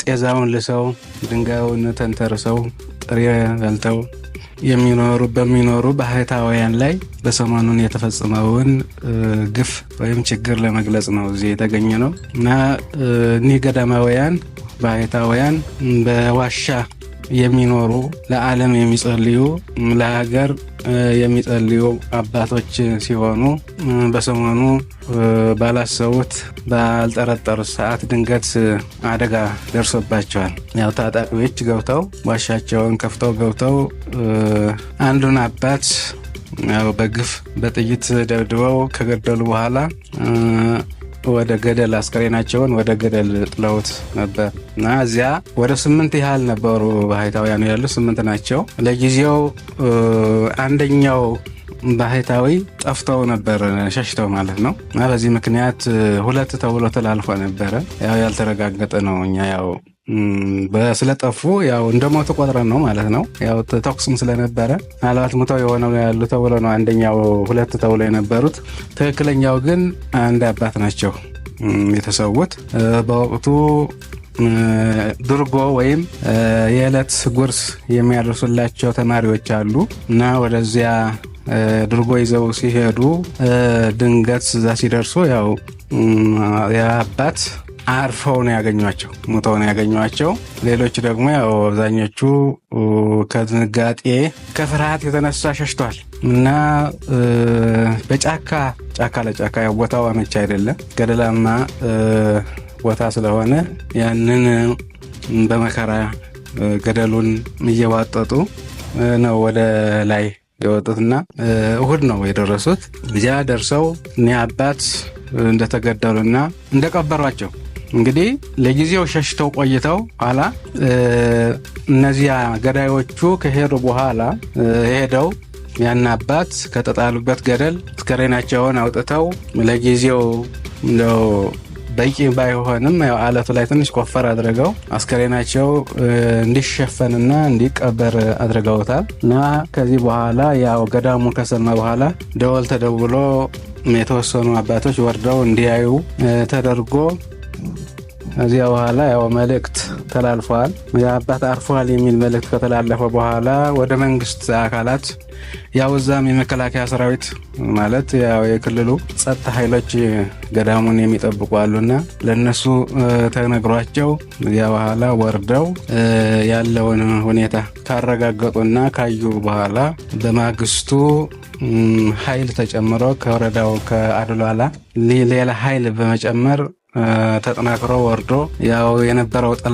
ጤዛውን ልሰው ድንጋዩን ተንተርሰው ጥሬ በልተው የሚኖሩ በሚኖሩ ባህታውያን ላይ በሰሞኑን የተፈጸመውን ግፍ ወይም ችግር ለመግለጽ ነው እዚህ የተገኘ ነው እና እኒህ ገዳማውያን ባህታውያን በዋሻ የሚኖሩ ለዓለም የሚጸልዩ ለሀገር የሚጸልዩ አባቶች ሲሆኑ በሰሞኑ ባላሰቡት ባልጠረጠሩት ሰዓት ድንገት አደጋ ደርሶባቸዋል። ያው ታጣቂዎች ገብተው ዋሻቸውን ከፍተው ገብተው አንዱን አባት ያው በግፍ በጥይት ደብድበው ከገደሉ በኋላ ወደ ገደል አስከሬናቸውን ወደ ገደል ጥለውት ነበር እና እዚያ ወደ ስምንት ያህል ነበሩ ባህታውያኑ ያሉ ስምንት ናቸው። ለጊዜው አንደኛው ባህታዊ ጠፍተው ነበር ሸሽተው ማለት ነው እና በዚህ ምክንያት ሁለት ተብሎ ተላልፎ ነበረ። ያው ያልተረጋገጠ ነው እኛ ያው ስለጠፉ ያው ሞቱ ቆጥረን ነው ማለት ነው። ያው ተኩስም ስለነበረ ምናልባት ሙተው የሆነ ያሉ ተብሎ ነው አንደኛው ሁለት ተብሎ የነበሩት ትክክለኛው ግን አንድ አባት ናቸው የተሰዉት በወቅቱ ድርጎ ወይም የዕለት ጉርስ የሚያደርሱላቸው ተማሪዎች አሉ እና ወደዚያ ድርጎ ይዘው ሲሄዱ ድንገት እዛ ሲደርሱ ያው የአባት አርፈው ነው ያገኟቸው፣ ሙተው ነው ያገኟቸው። ሌሎች ደግሞ ያው አብዛኞቹ ከድንጋጤ ከፍርሃት የተነሳ ሸሽቷል እና በጫካ ጫካ ለጫካ ያው ቦታው አመቻ አይደለም፣ ገደላማ ቦታ ስለሆነ ያንን በመከራ ገደሉን እየዋጠጡ ነው ወደ ላይ የወጡትና እሁድ ነው የደረሱት። እዚያ ደርሰው እኒህ አባት እንደተገደሉና እንደቀበሯቸው እንግዲህ ለጊዜው ሸሽተው ቆይተው ኋላ እነዚያ ገዳዮቹ ከሄዱ በኋላ ሄደው ያን አባት ከተጣሉበት ገደል አስከሬናቸውን አውጥተው ለጊዜው እንደው በቂ ባይሆንም ያው አለቱ ላይ ትንሽ ቆፈር አድርገው አስከሬናቸው እንዲሸፈንና እንዲቀበር አድርገውታል እና ከዚህ በኋላ ያው ገዳሙ ከሰማ በኋላ ደወል ተደውሎ የተወሰኑ አባቶች ወርደው እንዲያዩ ተደርጎ እዚያ በኋላ ያው መልእክት ተላልፈዋል። የአባት አርፈዋል የሚል መልእክት ከተላለፈ በኋላ ወደ መንግስት አካላት ያው እዛም የመከላከያ ሰራዊት ማለት ያው የክልሉ ጸጥታ ኃይሎች ገዳሙን የሚጠብቁ አሉና ለእነሱ ተነግሯቸው እዚያ በኋላ ወርደው ያለውን ሁኔታ ካረጋገጡና ካዩ በኋላ በማግስቱ ኃይል ተጨምሮ ከወረዳው ከአድሏላ ሌላ ኃይል በመጨመር ተጠናክሮ ወርዶ ያው የነበረው ጥላ